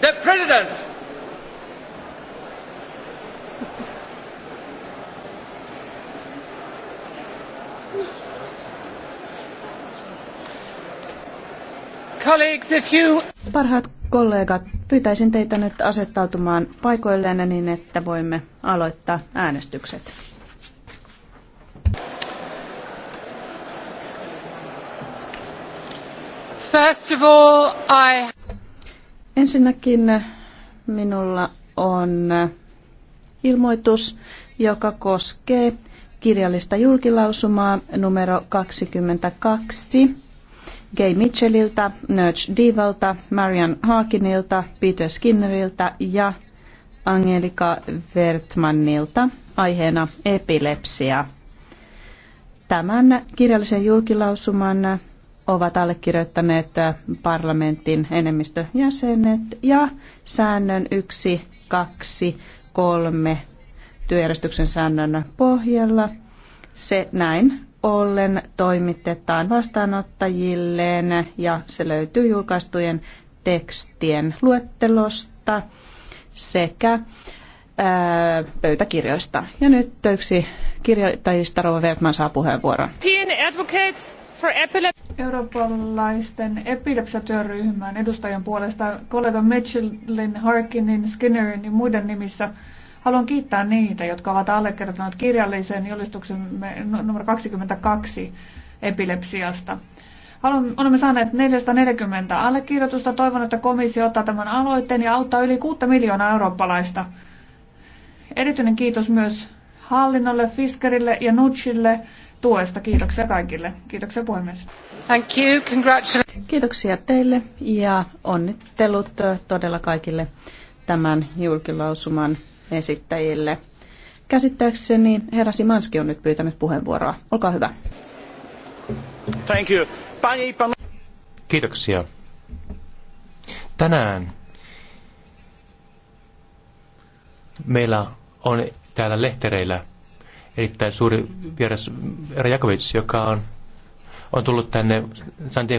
The President! Colleagues, if you... Parhaat kollegat, pyytäisin teitä nyt asettautumaan paikoilleen, niin, että voimme aloittaa äänestykset. First of all, I Ensinnäkin minulla on ilmoitus, joka koskee kirjallista julkilausumaa numero 22 Gay Mitchelliltä, Nurge Divalta, Marian Haakinilta, Peter Skinnerilta ja Angelika Wertmannilta aiheena epilepsia. Tämän kirjallisen julkilausuman ovat allekirjoittaneet äh, parlamentin enemmistöjäsenet ja säännön 1, 2, 3 työjärjestyksen säännön pohjalla. Se näin ollen toimitetaan vastaanottajilleen ja se löytyy julkaistujen tekstien luettelosta sekä ää, äh, pöytäkirjoista. Ja nyt yksi kirjoittajista Rova Wertman saa puheenvuoron. Advocates for Epilepsy eurooppalaisten epilepsiatyöryhmän edustajien puolesta kollega Mitchellin, Harkinin, Skinnerin ja muiden nimissä haluan kiittää niitä, jotka ovat allekirjoittaneet kirjallisen julistuksen numero 22 epilepsiasta. Haluan, olemme saaneet 440 allekirjoitusta. Toivon, että komissio ottaa tämän aloitteen ja auttaa yli 6 miljoonaa eurooppalaista. Erityinen kiitos myös hallinnolle, Fiskerille ja Nutsille tuesta. Kiitoksia kaikille. Kiitoksia puhemies. Thank you. Kiitoksia teille ja onnittelut todella kaikille tämän julkilausuman esittäjille. Käsittääkseni herra Simanski on nyt pyytänyt puheenvuoroa. Olkaa hyvä. Thank you. Kiitoksia. Tänään meillä on täällä lehtereillä erittäin suuri vieras Jakovic, joka on, on tullut tänne San